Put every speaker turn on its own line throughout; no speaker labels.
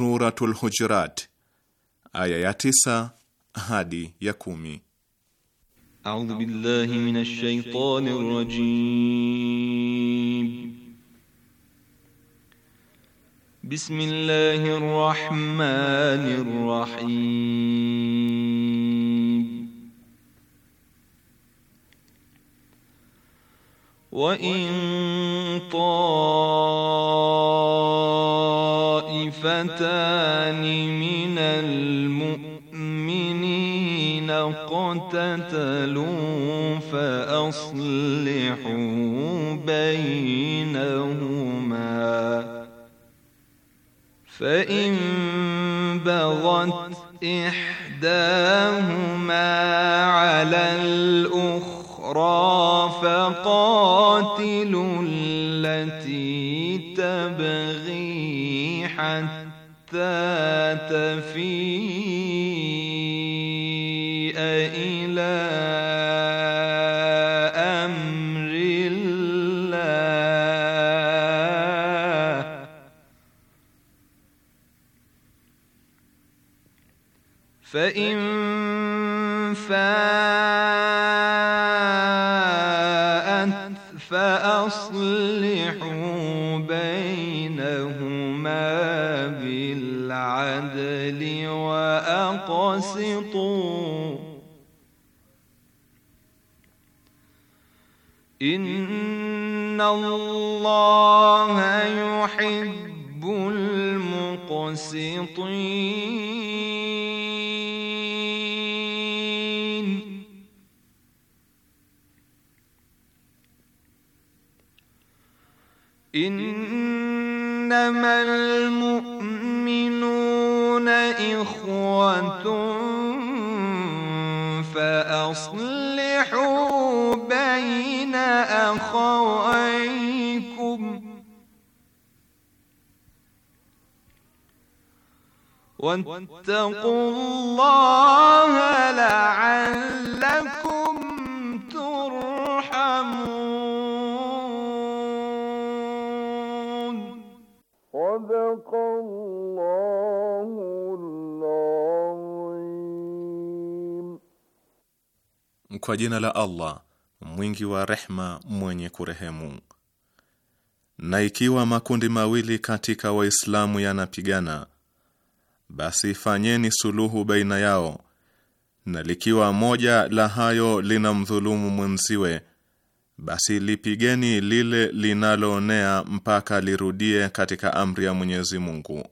Suratul Hujurat aya ya tisa hadi ya kumi.
A'udhu billahi minash shaitani rajim. Bismillahir rahmanir rahim. Wa in فأصلحوا بينهما فإن بغت إحداهما على الأخرى فقاتلوا التي تبغي حتى تفيء وقسطوا إن الله يحب المقسطين إنما الم wattaqullaha la'allakum turhamun.
Kwa jina la Allah mwingi wa rehma mwenye kurehemu. Na ikiwa makundi mawili katika Waislamu yanapigana basi fanyeni suluhu baina yao, na likiwa moja la hayo lina mdhulumu mwenziwe, basi lipigeni lile linaloonea mpaka lirudie katika amri ya Mwenyezi Mungu,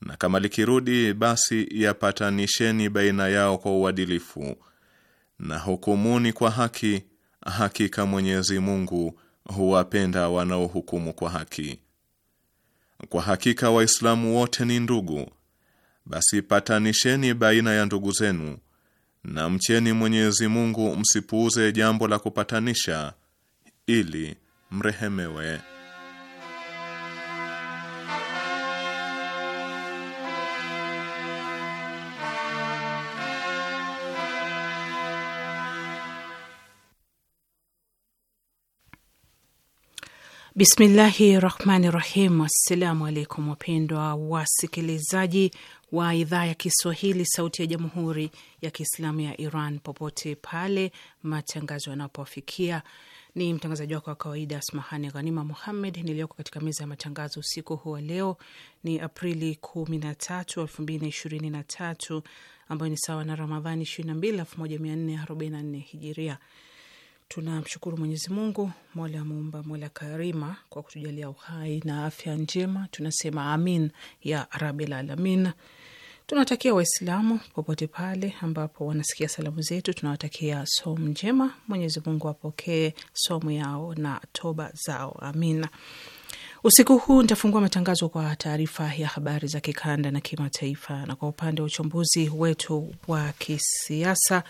na kama likirudi, basi yapatanisheni baina yao kwa uadilifu na hukumuni kwa haki. Hakika Mwenyezi Mungu huwapenda wanaohukumu kwa haki. Kwa hakika Waislamu wote ni ndugu basi patanisheni baina ya ndugu zenu na mcheni Mwenyezi Mungu, msipuuze jambo la kupatanisha ili mrehemewe.
Bismillahi rahmani rahim. Assalamu alaikum wapendwa wasikilizaji wa idhaa ya Kiswahili sauti ya jamhuri ya Kiislamu ya Iran popote pale matangazo yanapofikia. Ni mtangazaji wako wa kawaida Asmahani Ghanima Muhammed niliyoko katika meza ya matangazo usiku huu wa leo. Ni Aprili kumi na tatu elfu mbili na ishirini na tatu ambayo ni sawa na Ramadhani ishirini na mbili elfu moja mia nne arobaini na nne hijiria Tunamshukuru Mwenyezi Mungu, mola muumba, mola karima kwa kutujalia uhai na afya njema. Tunasema amin ya rabil alamin. Tunawatakia Waislamu popote pale ambapo wanasikia salamu zetu, tunawatakia somu njema. Mwenyezi Mungu apokee somu yao na toba zao, amina. Usiku huu nitafungua matangazo kwa taarifa ya habari za kikanda na kimataifa, na kwa upande wa uchambuzi wetu wa kisiasa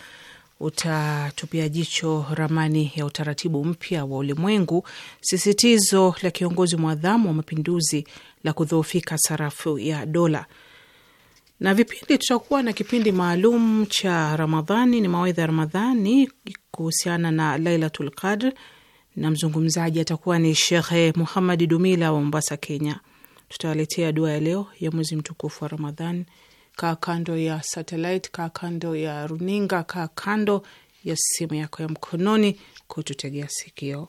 utatupia jicho ramani ya utaratibu mpya wa ulimwengu, sisitizo la kiongozi mwadhamu wa mapinduzi la kudhoofika sarafu ya dola na vipindi. Tutakuwa na kipindi maalum cha Ramadhani, ni mawaidha ya Ramadhani kuhusiana na Lailatul Qadr, na mzungumzaji atakuwa ni Shekhe Muhamadi Dumila wa Mombasa, Kenya. Tutawaletea dua ya leo ya mwezi mtukufu wa Ramadhani kaa kando ya satellite, kaa kando ya runinga, kaa kando ya simu yako ya mkononi kututegea sikio.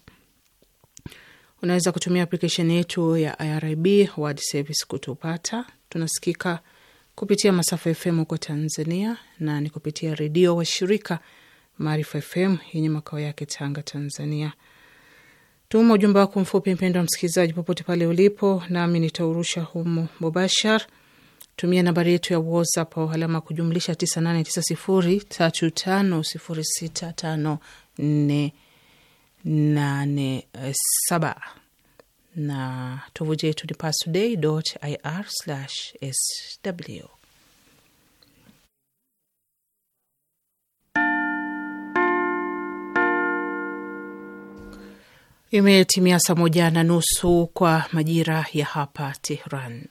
Unaweza kutumia aplikesheni yetu ya IRIB World Service kutupata. Tunasikika kupitia masafa FM huko Tanzania na ni kupitia redio wa shirika Maarifa FM yenye makao yake Tanga, Tanzania. Tuma ujumbe wako mfupi, mpendo wa msikilizaji, popote pale ulipo, nami nitaurusha humu mubashar tumia nambari yetu ya WhatsApp au alama kujumlisha 989035065487 na tovuti yetu ni pastoday.ir/sw. Imetimia saa moja na nusu kwa majira ya hapa Tehran.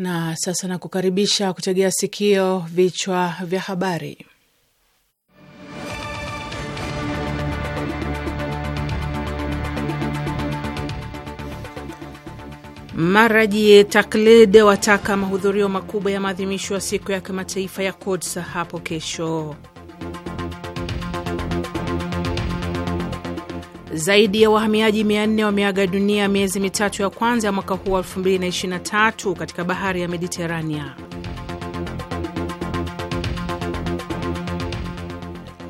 Na sasa nakukaribisha kutegea sikio vichwa vya habari. Maraji Taklid wataka mahudhurio makubwa ya maadhimisho ya siku ya kimataifa ya Kudsa hapo kesho. Zaidi ya wahamiaji 400 wameaga dunia miezi mitatu ya kwanza ya mwaka huu wa 2023 katika bahari ya Mediterania.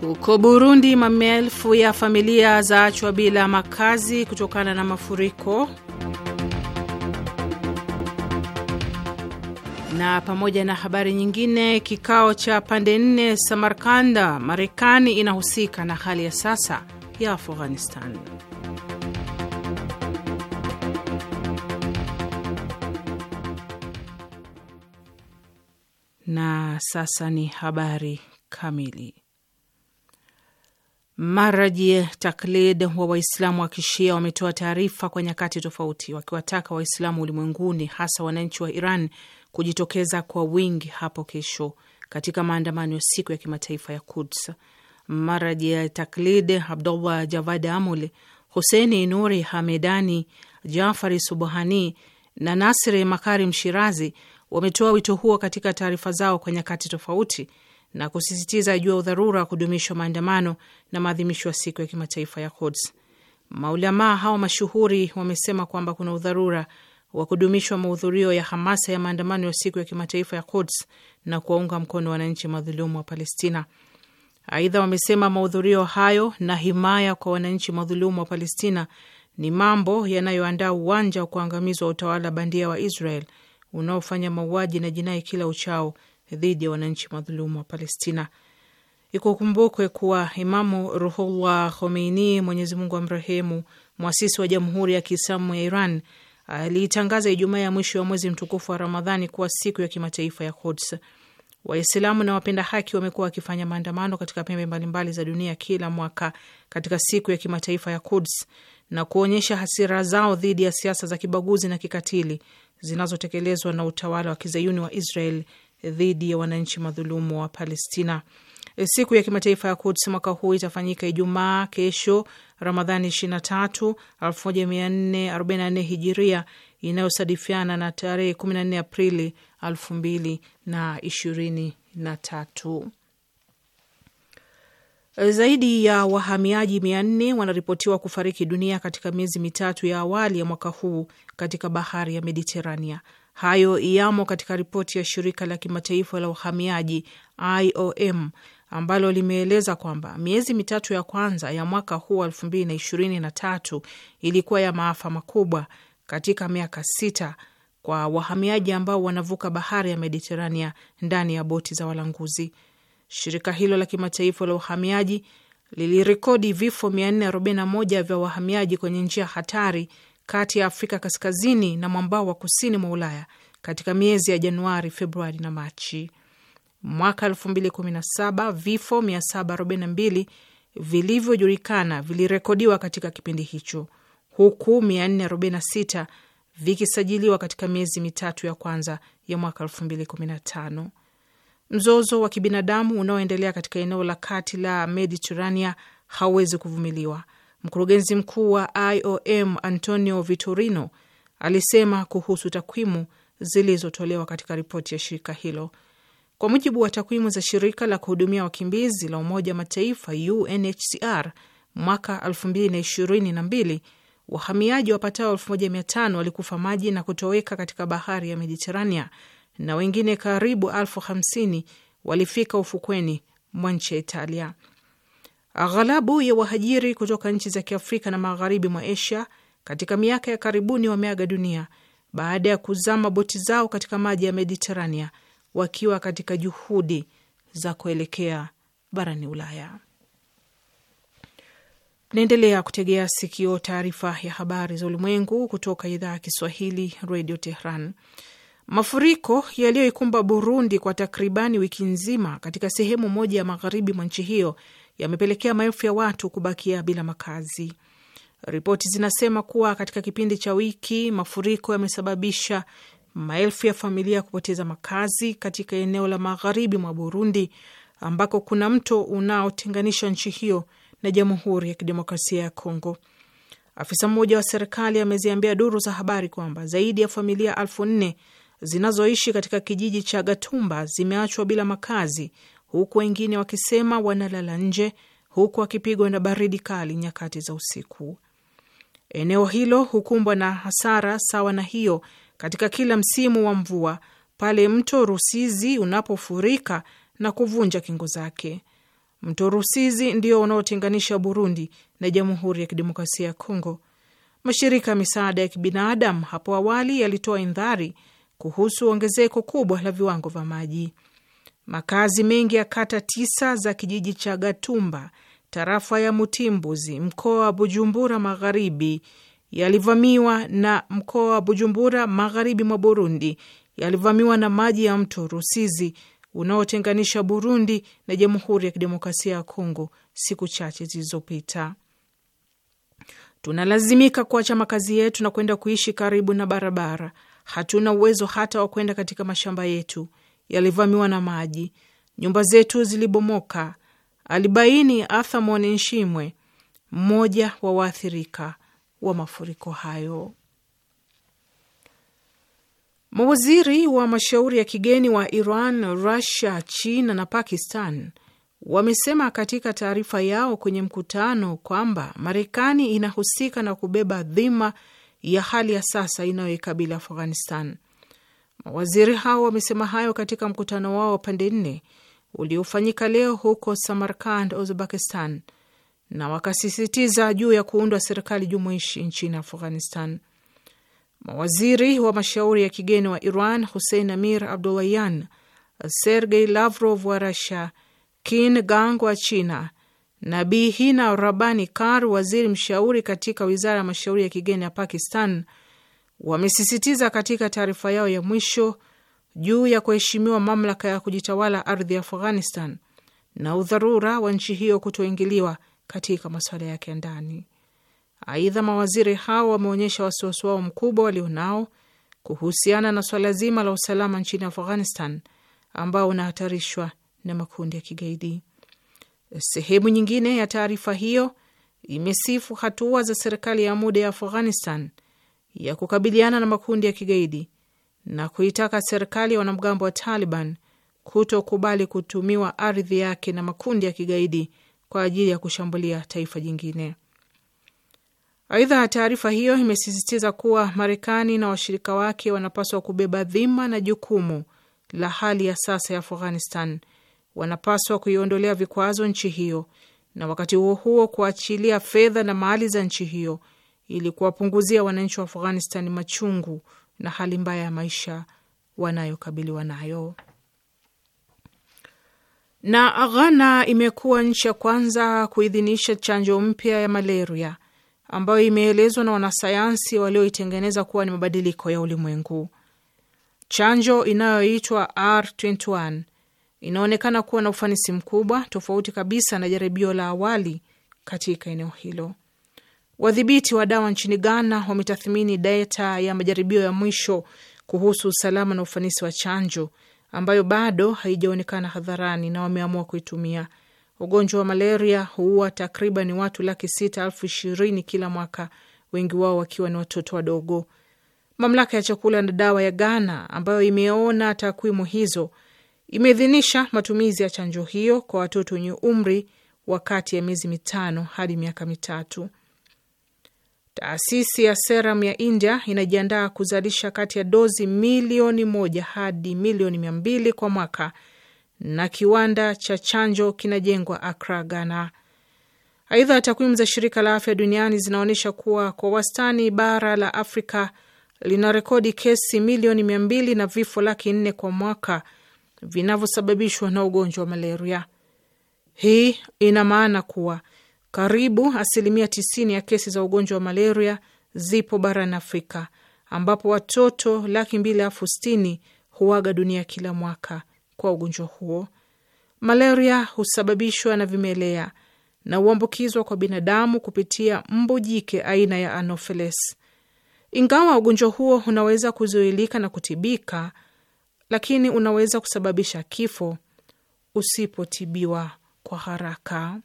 Huko Burundi, maelfu ya familia zaachwa bila makazi kutokana na mafuriko. Na pamoja na habari nyingine, kikao cha pande nne Samarkanda, Marekani inahusika na hali ya sasa ya Afghanistan. Na sasa ni habari kamili. Maraji Taklid wa Waislamu wa Kishia wametoa taarifa kwa nyakati tofauti wakiwataka Waislamu ulimwenguni hasa wananchi wa Iran kujitokeza kwa wingi hapo kesho katika maandamano ya siku ya kimataifa ya Kuds Maradi Taklid, Abdullah Javad Amuli, Huseni Nuri Hamedani, Jafari Subhani na Nasri Makarim Shirazi wametoa wito huo katika taarifa zao kwa nyakati tofauti na kusisitiza juu ya udharura wa kudumishwa maandamano na maadhimisho ya siku ya kimataifa ya Quds. Maulamaa hawa mashuhuri wamesema kwamba kuna udharura wa kudumishwa mahudhurio ya hamasa ya maandamano ya siku ya kimataifa ya Quds na kuwaunga mkono wananchi madhulumu wa Palestina. Aidha, wamesema mahudhurio hayo na himaya kwa wananchi madhulumu wa Palestina ni mambo yanayoandaa uwanja wa kuangamizwa utawala bandia wa Israel unaofanya mauaji na jinai kila uchao dhidi ya wananchi madhulumu wa Palestina. Ikukumbukwe kuwa Imamu Ruhullah Khomeini, Mwenyezi Mungu amrehemu, mwasisi wa Jamhuri ya Kiislamu ya Iran, aliitangaza Ijumaa ya mwisho wa mwezi mtukufu wa Ramadhani kuwa siku ya kimataifa ya Quds. Waislamu na wapenda haki wamekuwa wakifanya maandamano katika pembe mbalimbali za dunia kila mwaka katika siku ya kimataifa ya Quds na kuonyesha hasira zao dhidi ya siasa za kibaguzi na kikatili zinazotekelezwa na utawala wa kizayuni wa Israel dhidi ya wananchi madhulumu wa Palestina. E, siku ya kimataifa ya Quds mwaka huu itafanyika Ijumaa kesho, Ramadhani 23, 1444 hijiria inayosadifiana na tarehe 14 Aprili 2023. Zaidi ya wahamiaji mia nne wanaripotiwa kufariki dunia katika miezi mitatu ya awali ya mwaka huu katika bahari ya Mediterania. Hayo yamo katika ripoti ya shirika la kimataifa la uhamiaji IOM ambalo limeeleza kwamba miezi mitatu ya kwanza ya mwaka huu elfu na ishirini ilikuwa ya maafa makubwa katika miaka sita kwa wahamiaji ambao wanavuka bahari ya Mediterania ndani ya boti za walanguzi. Shirika hilo la kimataifa la uhamiaji lilirekodi vifo 441 vya wahamiaji kwenye njia hatari kati ya Afrika kaskazini na mwambao wa kusini mwa Ulaya katika miezi ya Januari, Februari na Machi. Mwaka 2017 vifo 742 vilivyojulikana vilirekodiwa katika kipindi hicho huku 446 vikisajiliwa katika miezi mitatu ya kwanza ya mwaka 2015. Mzozo wa kibinadamu unaoendelea katika eneo la kati la Mediterania hauwezi kuvumiliwa, mkurugenzi mkuu wa IOM Antonio Vitorino alisema kuhusu takwimu zilizotolewa katika ripoti ya shirika hilo. Kwa mujibu wa takwimu za shirika la kuhudumia wakimbizi la Umoja wa Mataifa UNHCR, mwaka 2022 wahamiaji wapatao 1500 walikufa maji na kutoweka katika bahari ya Mediterania na wengine karibu elfu hamsini walifika ufukweni mwa nchi ya Italia. Aghalabu ya wahajiri kutoka nchi za Kiafrika na magharibi mwa Asia katika miaka ya karibuni wameaga dunia baada ya kuzama boti zao katika maji ya Mediterania wakiwa katika juhudi za kuelekea barani Ulaya. Naendelea kutegea sikio taarifa ya habari za ulimwengu kutoka idhaa ya Kiswahili Radio Tehran. Mafuriko yaliyoikumba Burundi kwa takribani wiki nzima katika sehemu moja ya magharibi mwa nchi hiyo yamepelekea maelfu ya watu kubakia bila makazi. Ripoti zinasema kuwa katika kipindi cha wiki mafuriko yamesababisha maelfu ya familia kupoteza makazi katika eneo la magharibi mwa Burundi ambako kuna mto unaotenganisha nchi hiyo na Jamhuri ya Kidemokrasia ya Kongo. Afisa mmoja wa serikali ameziambia duru za habari kwamba zaidi ya familia elfu nne zinazoishi katika kijiji cha Gatumba zimeachwa bila makazi, huku wengine wakisema wanalala nje, huku wakipigwa na baridi kali nyakati za usiku. Eneo hilo hukumbwa na hasara sawa na hiyo katika kila msimu wa mvua, pale mto Rusizi unapofurika na kuvunja kingo zake. Mto Rusizi ndio unaotenganisha Burundi na Jamhuri ya Kidemokrasia ya Kongo. Mashirika ya misaada ya kibinadamu hapo awali yalitoa indhari kuhusu ongezeko kubwa la viwango vya maji. Makazi mengi ya kata tisa za kijiji cha Gatumba, tarafa ya Mutimbuzi, mkoa wa Bujumbura Magharibi, yalivamiwa na mkoa wa Bujumbura Magharibi mwa Burundi yalivamiwa na maji ya mto Rusizi unaotenganisha Burundi na Jamhuri ya Kidemokrasia ya Kongo siku chache zilizopita. Tunalazimika kuacha makazi yetu na kwenda kuishi karibu na barabara. Hatuna uwezo hata wa kwenda katika mashamba yetu, yalivamiwa na maji, nyumba zetu zilibomoka, alibaini Athamon Nshimwe, mmoja wa waathirika wa mafuriko hayo. Mawaziri wa mashauri ya kigeni wa Iran, Rusia, China na Pakistan wamesema katika taarifa yao kwenye mkutano kwamba Marekani inahusika na kubeba dhima ya hali ya sasa inayoikabili Afghanistan. Mawaziri hao wamesema hayo katika mkutano wao wa pande nne uliofanyika leo huko Samarkand, Uzbekistan, na wakasisitiza juu ya kuundwa serikali jumuishi nchini Afghanistan. Mawaziri wa mashauri ya kigeni wa Iran Hussein Amir abdullayan Sergei Lavrov wa Russia, Qin Gang wa China na Bihina Rabbani Kar, waziri mshauri katika wizara ya mashauri ya kigeni ya Pakistan, wamesisitiza katika taarifa yao ya mwisho juu ya kuheshimiwa mamlaka ya kujitawala ardhi ya Afghanistan na udharura wa nchi hiyo kutoingiliwa katika masuala yake ya ndani. Aidha, mawaziri hao wameonyesha wasiwasi wao mkubwa walionao kuhusiana na swala zima la usalama nchini Afghanistan ambao unahatarishwa na makundi ya kigaidi. Sehemu nyingine ya taarifa hiyo imesifu hatua za serikali ya muda ya Afghanistan ya kukabiliana na makundi ya kigaidi na kuitaka serikali ya wanamgambo wa Taliban kutokubali kutumiwa ardhi yake na makundi ya kigaidi kwa ajili ya kushambulia taifa jingine. Aidha, taarifa hiyo imesisitiza kuwa Marekani na washirika wake wanapaswa kubeba dhima na jukumu la hali ya sasa ya Afghanistan. Wanapaswa kuiondolea vikwazo nchi hiyo na wakati huo huo kuachilia fedha na mali za nchi hiyo ili kuwapunguzia wananchi wa Afghanistan machungu na hali mbaya ya maisha wanayokabiliwa nayo. Na Ghana imekuwa nchi ya kwanza kuidhinisha chanjo mpya ya malaria ambayo imeelezwa na wanasayansi walioitengeneza kuwa ni mabadiliko ya ulimwengu. Chanjo inayoitwa R21 inaonekana kuwa na ufanisi mkubwa, tofauti kabisa na jaribio la awali katika eneo hilo. Wadhibiti wa dawa nchini Ghana wametathmini data ya majaribio ya mwisho kuhusu usalama na ufanisi wa chanjo ambayo bado haijaonekana hadharani, na wameamua kuitumia Ugonjwa wa malaria huua takriban watu laki sita elfu ishirini kila mwaka, wengi wao wakiwa ni watoto wadogo. Mamlaka ya chakula na dawa ya Ghana, ambayo imeona takwimu hizo, imeidhinisha matumizi ya chanjo hiyo kwa watoto wenye umri wa kati ya miezi mitano hadi miaka mitatu. Taasisi ya Seram ya India inajiandaa kuzalisha kati ya dozi milioni moja hadi milioni mia mbili kwa mwaka na kiwanda cha chanjo kinajengwa Akra, Ghana. Aidha, takwimu za shirika la afya duniani zinaonyesha kuwa kwa wastani bara la Afrika lina rekodi kesi milioni mia mbili na vifo laki nne kwa mwaka vinavyosababishwa na ugonjwa wa malaria. Hii ina maana kuwa karibu asilimia tisini ya kesi za ugonjwa wa malaria zipo barani Afrika, ambapo watoto laki mbili elfu sitini huaga dunia kila mwaka kwa ugonjwa huo. Malaria husababishwa na vimelea na huambukizwa kwa binadamu kupitia mbu jike aina ya Anopheles. Ingawa ugonjwa huo unaweza kuzuilika na kutibika, lakini unaweza kusababisha kifo usipotibiwa kwa haraka.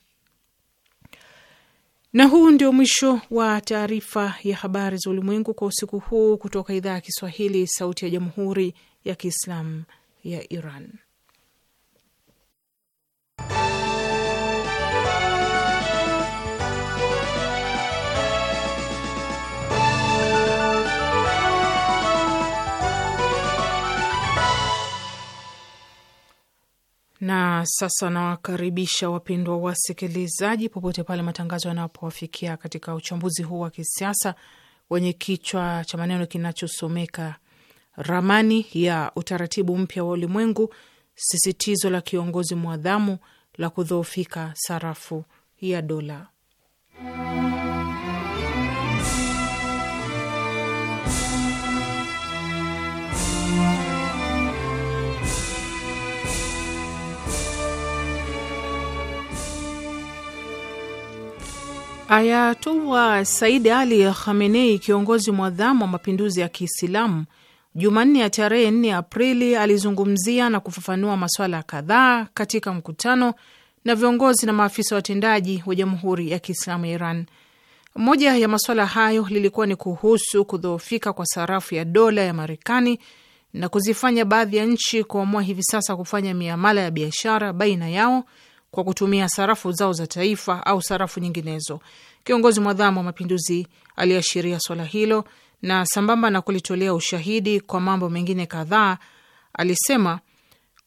Na huu ndio mwisho wa taarifa ya habari za ulimwengu kwa usiku huu kutoka idhaa ya Kiswahili, Sauti ya Jamhuri ya Kiislamu ya Iran. Na sasa nawakaribisha wapendwa wasikilizaji, popote pale matangazo yanapowafikia, katika uchambuzi huu wa kisiasa wenye kichwa cha maneno kinachosomeka ramani ya utaratibu mpya wa ulimwengu, sisitizo la kiongozi mwadhamu la kudhoofika sarafu ya dola. Ayatullah saidi Ali Khamenei, kiongozi mwadhamu wa mapinduzi ya Kiislamu, Jumanne ya tarehe nne Aprili alizungumzia na kufafanua masuala kadhaa katika mkutano na viongozi na maafisa watendaji wa Jamhuri ya Kiislamu ya Iran. Moja ya masuala hayo lilikuwa ni kuhusu kudhoofika kwa sarafu ya dola ya Marekani na kuzifanya baadhi ya nchi kuamua hivi sasa kufanya miamala ya biashara baina yao kwa kutumia sarafu zao za taifa au sarafu nyinginezo. Kiongozi mwadhamu wa mapinduzi aliashiria swala hilo na sambamba na kulitolea ushahidi kwa mambo mengine kadhaa, alisema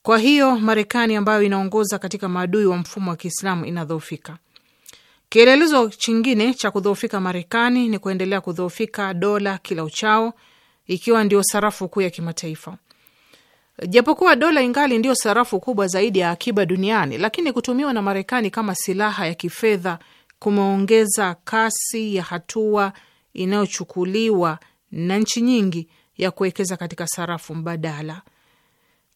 kwa hiyo Marekani ambayo inaongoza katika maadui wa mfumo wa Kiislamu inadhoofika. Kielelezo chingine cha kudhoofika Marekani ni kuendelea kudhoofika dola kila uchao, ikiwa ndio sarafu kuu ya kimataifa. Japokuwa dola ingali ndiyo sarafu kubwa zaidi ya akiba duniani, lakini kutumiwa na Marekani kama silaha ya kifedha kumeongeza kasi ya hatua inayochukuliwa na nchi nyingi ya kuwekeza katika sarafu mbadala.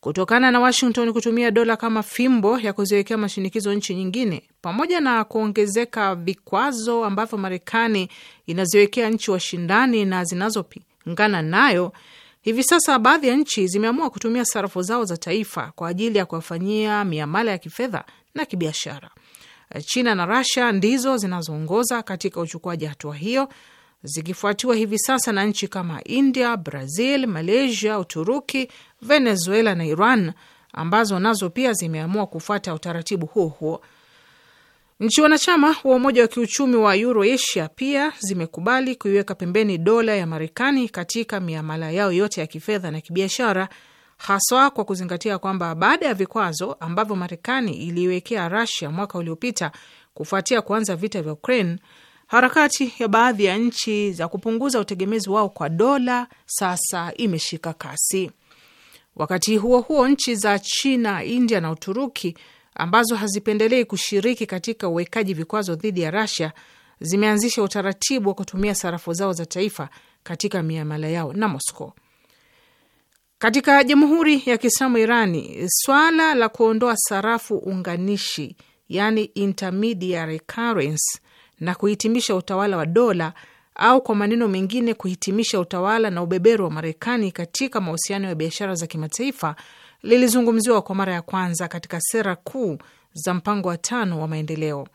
Kutokana na Washington kutumia dola kama fimbo ya kuziwekea mashinikizo nchi nyingine, pamoja na kuongezeka vikwazo ambavyo Marekani inaziwekea nchi washindani na zinazopingana nayo, Hivi sasa baadhi ya nchi zimeamua kutumia sarafu zao za taifa kwa ajili ya kuwafanyia miamala ya kifedha na kibiashara. China na Russia ndizo zinazoongoza katika uchukuaji hatua hiyo, zikifuatiwa hivi sasa na nchi kama India, Brazil, Malaysia, Uturuki, Venezuela na Iran ambazo nazo pia zimeamua kufuata utaratibu huo huo Nchi wanachama wa umoja wa kiuchumi wa Euroasia pia zimekubali kuiweka pembeni dola ya Marekani katika miamala yao yote ya kifedha na kibiashara, haswa kwa kuzingatia kwamba baada ya vikwazo ambavyo Marekani iliiwekea Rusia mwaka uliopita kufuatia kuanza vita vya Ukraine, harakati ya baadhi ya nchi za kupunguza utegemezi wao kwa dola sasa imeshika kasi. Wakati huo huo, nchi za China, India na Uturuki ambazo hazipendelei kushiriki katika uwekaji vikwazo dhidi ya rasia zimeanzisha utaratibu wa kutumia sarafu zao za taifa katika miamala yao na Moscow. Katika Jamhuri ya Kiislamu Irani, swala la kuondoa sarafu unganishi, yani intermediary currency, na kuhitimisha utawala wa dola au kwa maneno mengine kuhitimisha utawala na ubeberu wa Marekani katika mahusiano ya biashara za kimataifa lilizungumziwa kwa mara ya kwanza katika sera kuu za mpango wa tano wa maendeleo.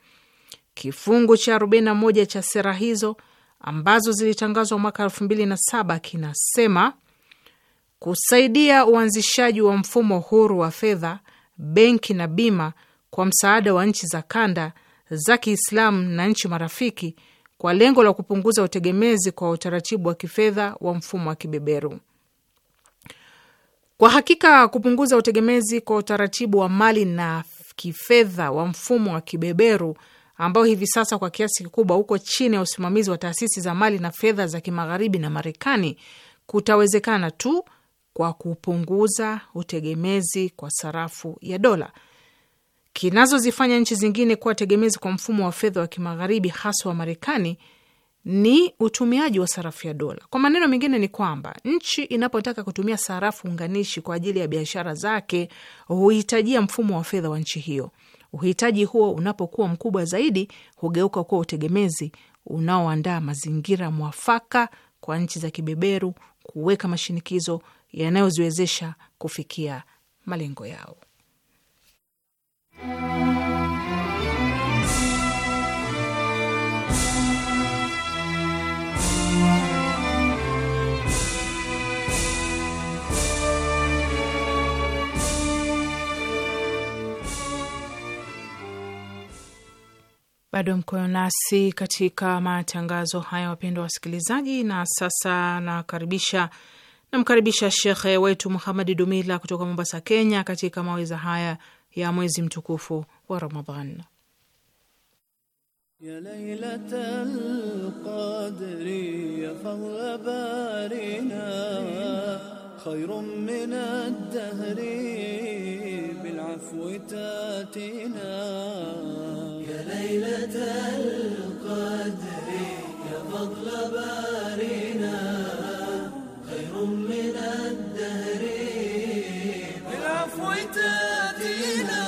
Kifungu cha 41 cha sera hizo ambazo zilitangazwa mwaka 2007 kinasema kusaidia uanzishaji wa mfumo huru wa fedha, benki na bima kwa msaada wa nchi za kanda za Kiislamu na nchi marafiki kwa lengo la kupunguza utegemezi kwa utaratibu wa kifedha wa mfumo wa kibeberu. Kwa hakika kupunguza utegemezi kwa utaratibu wa mali na kifedha wa mfumo wa kibeberu ambao hivi sasa kwa kiasi kikubwa uko chini ya usimamizi wa taasisi za mali na fedha za kimagharibi na Marekani kutawezekana tu kwa kupunguza utegemezi kwa sarafu ya dola. Kinazozifanya nchi zingine kuwa tegemezi kwa mfumo wa fedha wa kimagharibi, haswa wa Marekani, ni utumiaji wa sarafu ya dola. Kwa maneno mengine, ni kwamba nchi inapotaka kutumia sarafu unganishi kwa ajili ya biashara zake huhitajia mfumo wa fedha wa nchi hiyo. Uhitaji huo unapokuwa mkubwa zaidi, hugeuka kuwa utegemezi unaoandaa mazingira mwafaka kwa nchi za kibeberu kuweka mashinikizo yanayoziwezesha kufikia malengo yao. Bado mko nasi katika matangazo haya, wapendwa wasikilizaji, na sasa nakaribisha namkaribisha shekhe wetu Muhamadi Dumila kutoka Mombasa, Kenya, katika maweza haya ya mwezi mtukufu wa Ramadhan.
Ya Lailatal Qadri ya barina khairun min ad-dahri bil afwi tatina ليلة القدر يا فضل بارنا خير من الدهر
بالعفو تأتينا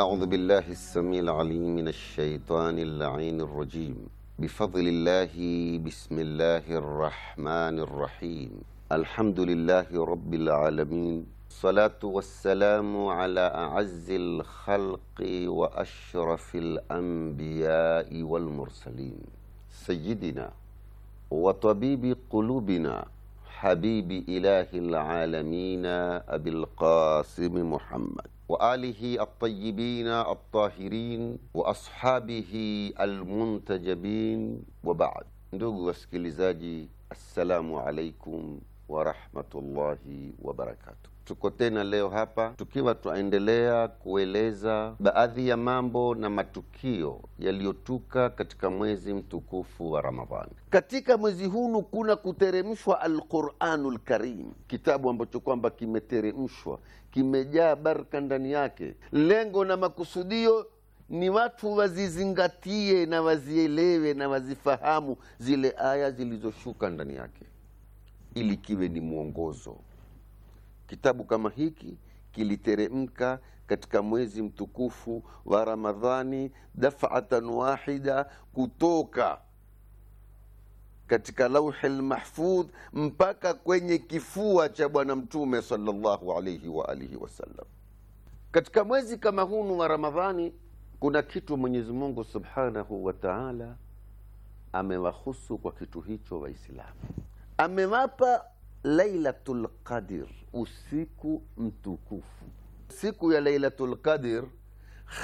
أعوذ بالله السميع العليم من الشيطان اللعين الرجيم بفضل الله بسم الله الرحمن الرحيم الحمد لله رب العالمين الصلاة والسلام على أعز الخلق وأشرف الأنبياء والمرسلين سيدنا وطبيب قلوبنا حبيب إله العالمين أبي القاسم محمد وآله الطيبين الطاهرين وأصحابه المنتجبين وبعد ndugu السلام عليكم ورحمة الله وبركاته Tuko tena leo hapa tukiwa tunaendelea kueleza baadhi ya mambo na matukio yaliyotuka katika mwezi mtukufu wa Ramadhani. Katika mwezi hunu kuna kuteremshwa alquranu lkarim kitabu ambacho kwamba kimeteremshwa, kimejaa baraka ndani yake. Lengo na makusudio ni watu wazizingatie na wazielewe na wazifahamu zile aya zilizoshuka ndani yake, ili kiwe ni mwongozo Kitabu kama hiki kiliteremka katika mwezi mtukufu wa Ramadhani, dafatan wahida, kutoka katika lauhi lmahfudh mpaka kwenye kifua cha Bwana Mtume sallallahu alaihi wa alihi wasallam. Katika mwezi kama hunu wa Ramadhani kuna kitu Mwenyezi Mungu subhanahu wa taala amewahusu kwa kitu hicho Waislamu, amewapa lailatu lqadir usiku mtukufu, siku ya Lailatul lqadir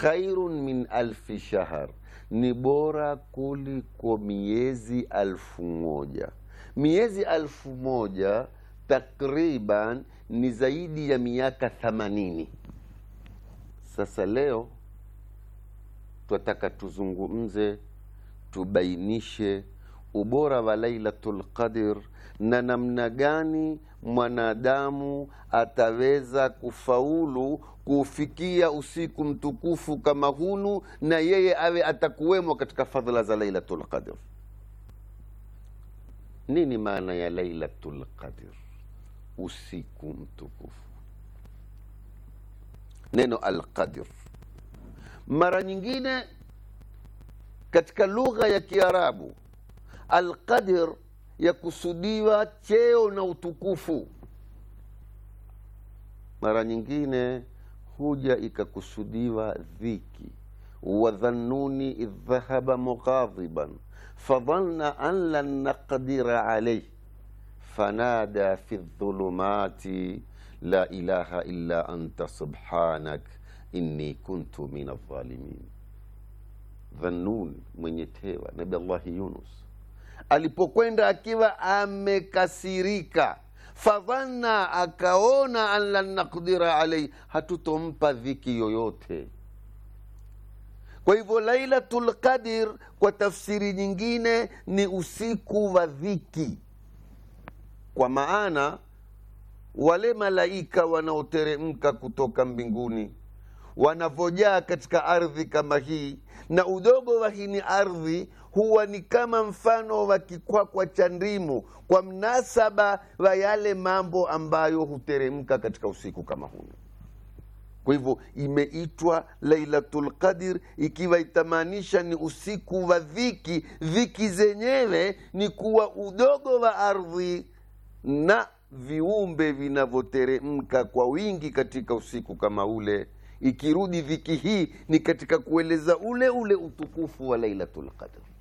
khairun min alfi shahr, ni bora kuliko miezi alfu moja. Miezi alfu moja takriban ni zaidi ya miaka thamanini. Sasa leo twataka tuzungumze, tubainishe ubora wa Lailatul Qadr na namna gani mwanadamu ataweza kufaulu kufikia usiku mtukufu kama hunu, na yeye awe atakuwemwa katika fadhila za Lailatul Qadr. Nini maana ya Lailatul Qadr, usiku mtukufu? Neno alqadr mara nyingine katika lugha ya Kiarabu alqadr ya kusudiwa cheo na utukufu. Mara nyingine huja ikakusudiwa dhiki. Wadhannuni idh dhahaba mughadhiban fadhanna an lan naqdira alayh fanada fi dhulumati la ilaha illa anta subhanak inni kuntu min aldhalimin. Dhannuni, mwenye tewa, Nabi Allahi Yunus alipokwenda akiwa amekasirika fadhanna akaona an lan nakdira alaihi hatutompa dhiki yoyote kwa hivyo lailatul lqadir kwa tafsiri nyingine ni usiku wa dhiki kwa maana wale malaika wanaoteremka kutoka mbinguni wanavyojaa katika ardhi kama hii na udogo wa hii ni ardhi huwa ni kama mfano wa kikwakwa cha ndimu kwa mnasaba wa yale mambo ambayo huteremka katika usiku kama huyu. Kwa hivyo imeitwa Lailatul Qadr ikiwa itamaanisha ni usiku wa dhiki. Dhiki zenyewe ni kuwa udogo wa ardhi na viumbe vinavyoteremka kwa wingi katika usiku kama ule. Ikirudi dhiki hii ni katika kueleza ule ule utukufu wa Lailatul Qadr.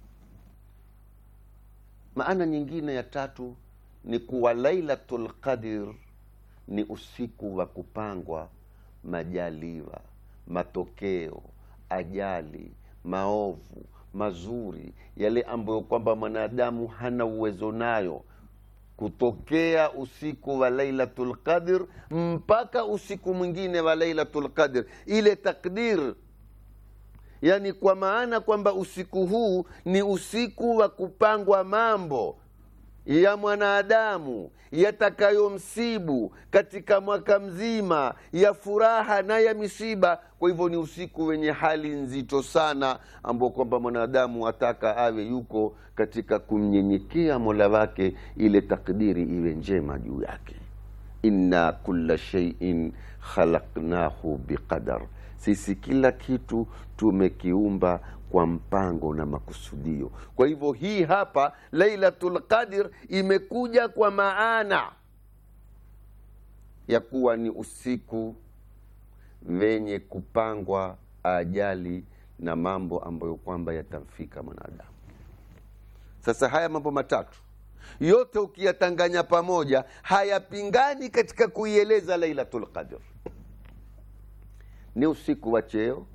Maana nyingine ya tatu ni kuwa Lailatul Qadr ni usiku wa kupangwa majaliwa, matokeo, ajali, maovu, mazuri, yale ambayo kwamba mwanadamu hana uwezo nayo kutokea usiku wa Lailatul Qadr mpaka usiku mwingine wa Lailatul Qadr, ile takdir yani kwa maana kwamba usiku huu ni usiku wa kupangwa mambo ya mwanadamu yatakayomsibu katika mwaka mzima ya furaha na ya misiba kwa hivyo ni usiku wenye hali nzito sana ambao kwamba mwanadamu ataka awe yuko katika kumnyenyekea mola wake ile takdiri iwe njema juu yake inna kula sheiin khalaknahu biqadar sisi kila kitu tumekiumba kwa mpango na makusudio. Kwa hivyo hii hapa Lailatul Qadr imekuja kwa maana ya kuwa ni usiku wenye kupangwa ajali na mambo ambayo kwamba yatamfika mwanadamu. Sasa haya mambo matatu yote ukiyatanganya pamoja hayapingani katika kuieleza Lailatul Qadr ni usiku wa cheo,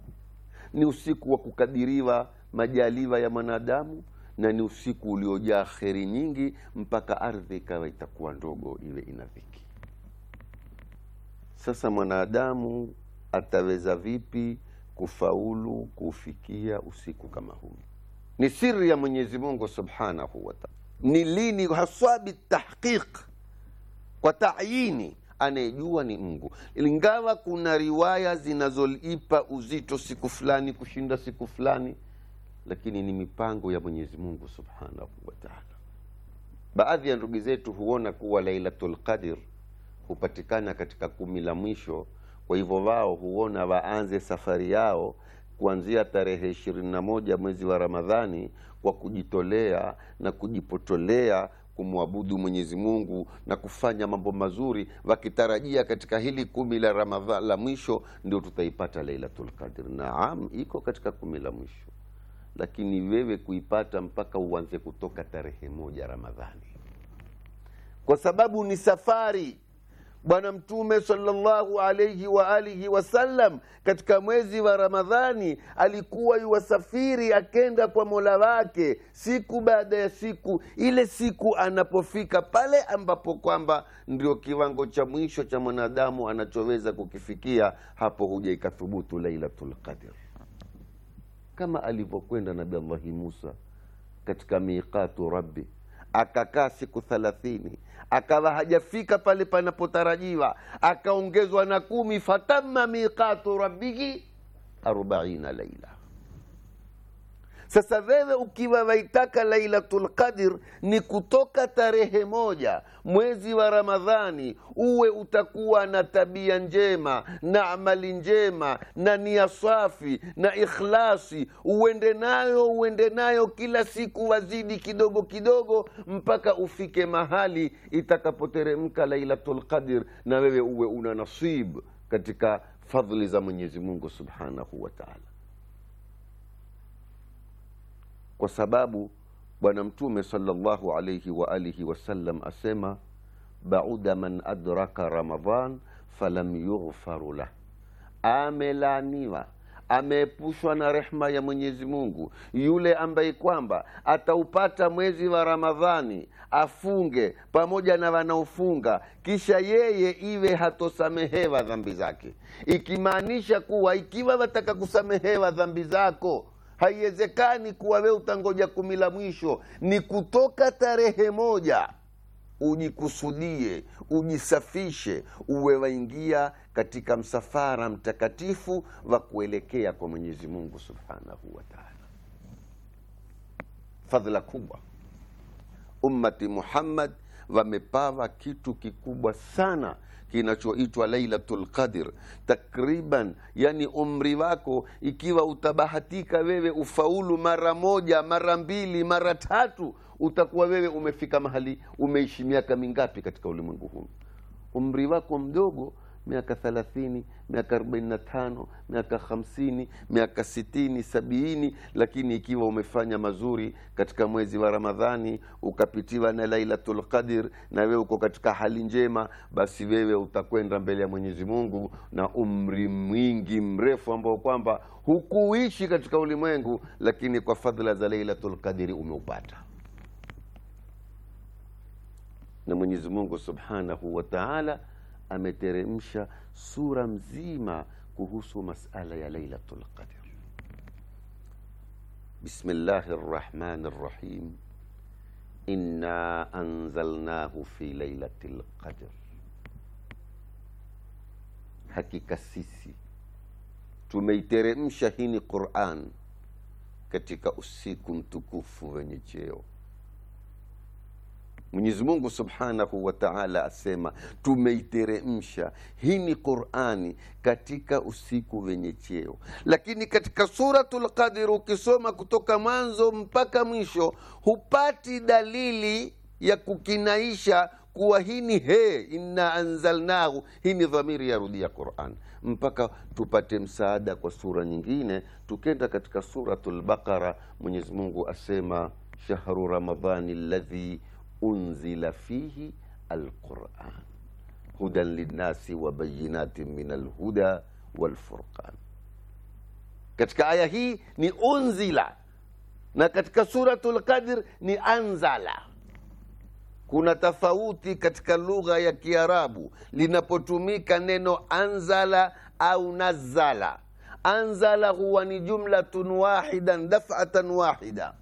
ni usiku wa kukadiriwa majaliwa ya mwanadamu, na ni usiku uliojaa kheri nyingi, mpaka ardhi ikawa itakuwa ndogo, iwe ina viki Sasa mwanadamu ataweza vipi kufaulu kufikia usiku kama huu? Ni siri ya Mwenyezi Mungu subhanahu wataala Ni lini haswa bitahqiq, kwa tayini anayejua ni Mungu, ingawa kuna riwaya zinazoipa uzito siku fulani kushinda siku fulani, lakini ni mipango ya Mwenyezi Mungu subhanahu wa taala. Baadhi ya ndugu zetu huona kuwa Lailatul Qadr hupatikana katika kumi la mwisho, kwa hivyo wao huona waanze safari yao kuanzia tarehe ishirini na moja mwezi wa Ramadhani kwa kujitolea na kujipotolea kumwabudu Mwenyezi Mungu na kufanya mambo mazuri, wakitarajia katika hili kumi la Ramadhan la mwisho ndio tutaipata Lailatul Qadr. Naam, iko katika kumi la mwisho, lakini wewe kuipata mpaka uanze kutoka tarehe moja Ramadhani, kwa sababu ni safari bwana mtume sallallahu alaihi wa alihi wasallam katika mwezi wa ramadhani alikuwa yuwasafiri akenda kwa mola wake siku baada ya siku ile siku anapofika pale ambapo kwamba ndio kiwango cha mwisho cha mwanadamu anachoweza kukifikia hapo huja ikathubutu lailatulqadr kama alivyokwenda nabi allahi musa katika miqatu rabbi akakaa siku thalathini akawa hajafika pale panapotarajiwa, akaongezwa na kumi, fatamma miqatu rabbihi arobaina laila sasa wewe ukiwa waitaka Lailatul Qadr ni kutoka tarehe moja mwezi wa Ramadhani, uwe utakuwa na tabia njema na amali njema na nia safi na ikhlasi, uende nayo uende nayo kila siku, wazidi kidogo kidogo, mpaka ufike mahali itakapoteremka Lailatul Qadr, na wewe uwe una nasib katika fadhli za Mwenyezi Mungu subhanahu wa taala kwa sababu bwana mtume salallahu alaihi wa alihi wasallam asema bauda man adraka ramadhan falam yughfaru lah, amelaaniwa ameepushwa na rehma ya Mwenyezi Mungu yule ambaye kwamba ataupata mwezi wa Ramadhani afunge pamoja na wanaofunga, kisha yeye iwe hatosamehewa dhambi zake, ikimaanisha kuwa ikiwa wataka kusamehewa dhambi zako haiwezekani kuwa we utangoja kumi la mwisho. Ni kutoka tarehe moja ujikusudie, ujisafishe, uwe waingia katika msafara mtakatifu wa kuelekea kwa Mwenyezi Mungu subhanahu wa taala. Fadhila kubwa ummati Muhammad wamepawa kitu kikubwa sana kinachoitwa lailatul qadr takriban yani umri wako ikiwa utabahatika wewe ufaulu mara moja mara mbili mara tatu utakuwa wewe umefika mahali umeishi miaka mingapi katika ulimwengu huu umri wako mdogo miaka thelathini miaka arobaini na tano, miaka hamsini, miaka sitini, sabiini Lakini ikiwa umefanya mazuri katika mwezi wa Ramadhani ukapitiwa na lailatu Qadr na wewe uko katika hali njema, basi wewe utakwenda mbele ya Mwenyezi Mungu na umri mwingi mrefu ambao kwamba hukuishi katika ulimwengu, lakini kwa fadhila za lailatu lqadiri umeupata na Mwenyezi Mungu Subhanahu wataala ameteremsha sura mzima kuhusu masala ya lailatu lqadr Bismillahi rrahmani rahim inna anzalnahu fi lailati qadr, hakika sisi tumeiteremsha hii ni Quran katika usiku mtukufu wenye cheo Mwenyezi Mungu Subhanahu wa Ta'ala asema tumeiteremsha hii ni Qur'ani katika usiku wenye cheo. Lakini katika suratu Qadr ukisoma kutoka mwanzo mpaka mwisho hupati dalili ya kukinaisha kuwa hii ni he inna anzalnahu, hii ni dhamiri ya rudia Qur'an, mpaka tupate msaada kwa sura nyingine. Tukenda katika suratu Baqara, Mwenyezi Mungu asema shahru ramadhani alladhi أنزل فيه القرآن هدى للناس وبينات من الهدى والfurqan katika aya hii ni unzila na katika suratul qadr ni anzala kuna tofauti katika lugha ya kiarabu linapotumika neno anzala au nazala anzala huwa ni jumlatun wahidan dafatan wahida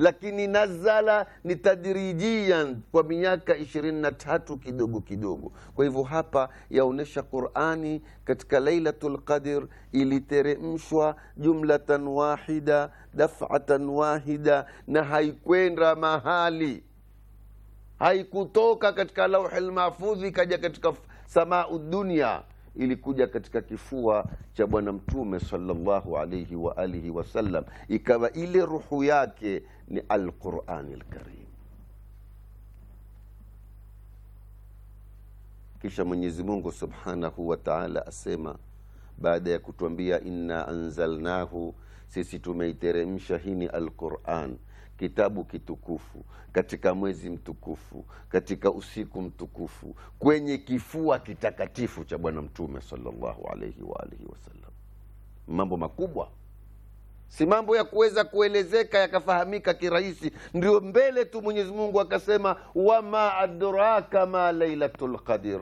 lakini nazala ni tadrijian kwa miaka ishirini na tatu kidogo kidogo. Kwa hivyo hapa yaonyesha Qurani katika lailatu lqadr iliteremshwa jumlatan wahida dafatan wahida, na haikwenda mahali, haikutoka katika lauhi lmahfudhi ikaja katika samau dunia ilikuja katika kifua cha Bwana Mtume sallallahu alaihi wa alihi wasallam, ikawa ile ruhu yake ni alqurani lkarim. Kisha Mwenyezi Mungu subhanahu wa taala asema baada ya kutuambia inna anzalnahu, sisi tumeiteremsha hii ni alquran kitabu kitukufu katika mwezi mtukufu katika usiku mtukufu kwenye kifua kitakatifu cha Bwana Mtume salllahu alaihi wa wasallam. Mambo makubwa si mambo ya kuweza kuelezeka yakafahamika kirahisi. Ndio mbele tu Mwenyezi Mungu akasema, wama adraka ma lailatu lqadir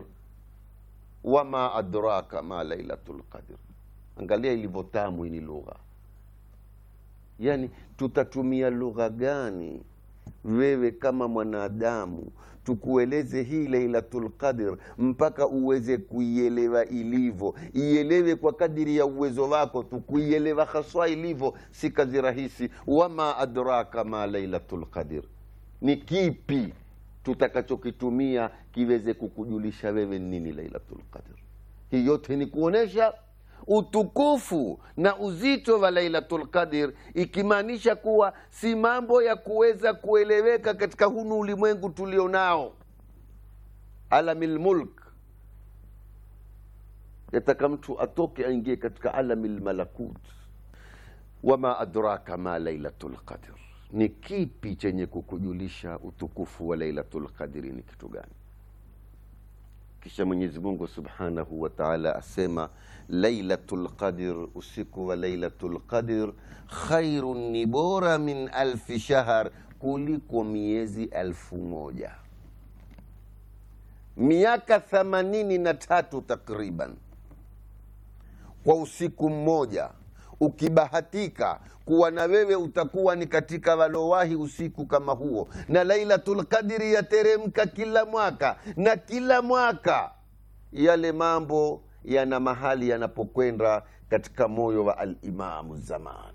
wama adraka ma lailatu lqadir. Angalia ilivyotamu ini lugha, yani tutatumia lugha gani wewe kama mwanadamu tukueleze hii Lailatul Qadr mpaka uweze kuielewa ilivyo. Ielewe kwa kadiri ya uwezo wako, tukuielewa haswa ilivyo, si kazi rahisi. Wama adraka ma Lailatul Qadr, ni kipi tutakachokitumia kiweze kukujulisha wewe nini Lailatul Qadr? Hii yote ni kuonesha utukufu na uzito wa Lailatul lqadir ikimaanisha kuwa si mambo ya kuweza kueleweka katika hunu ulimwengu nao alami lmulk yataka mtu atoke aingie katika alami lmalakut Wama adraka ma lailatu lqadir, ni kipi chenye kukujulisha utukufu wa lailatu lqadiri ni kitu gani? Kisha Mwenyezi Mungu subhanahu wa taala asema lailatul qadir, usiku wa lailatul qadir khairun, ni bora min alfi shahr, kuliko miezi elfu moja miaka thamanini na tatu takriban kwa usiku mmoja. Ukibahatika kuwa na wewe utakuwa ni katika walowahi usiku kama huo, na Lailatul Qadri yateremka kila mwaka, na kila mwaka yale mambo yana mahali yanapokwenda katika moyo wa alimamu zaman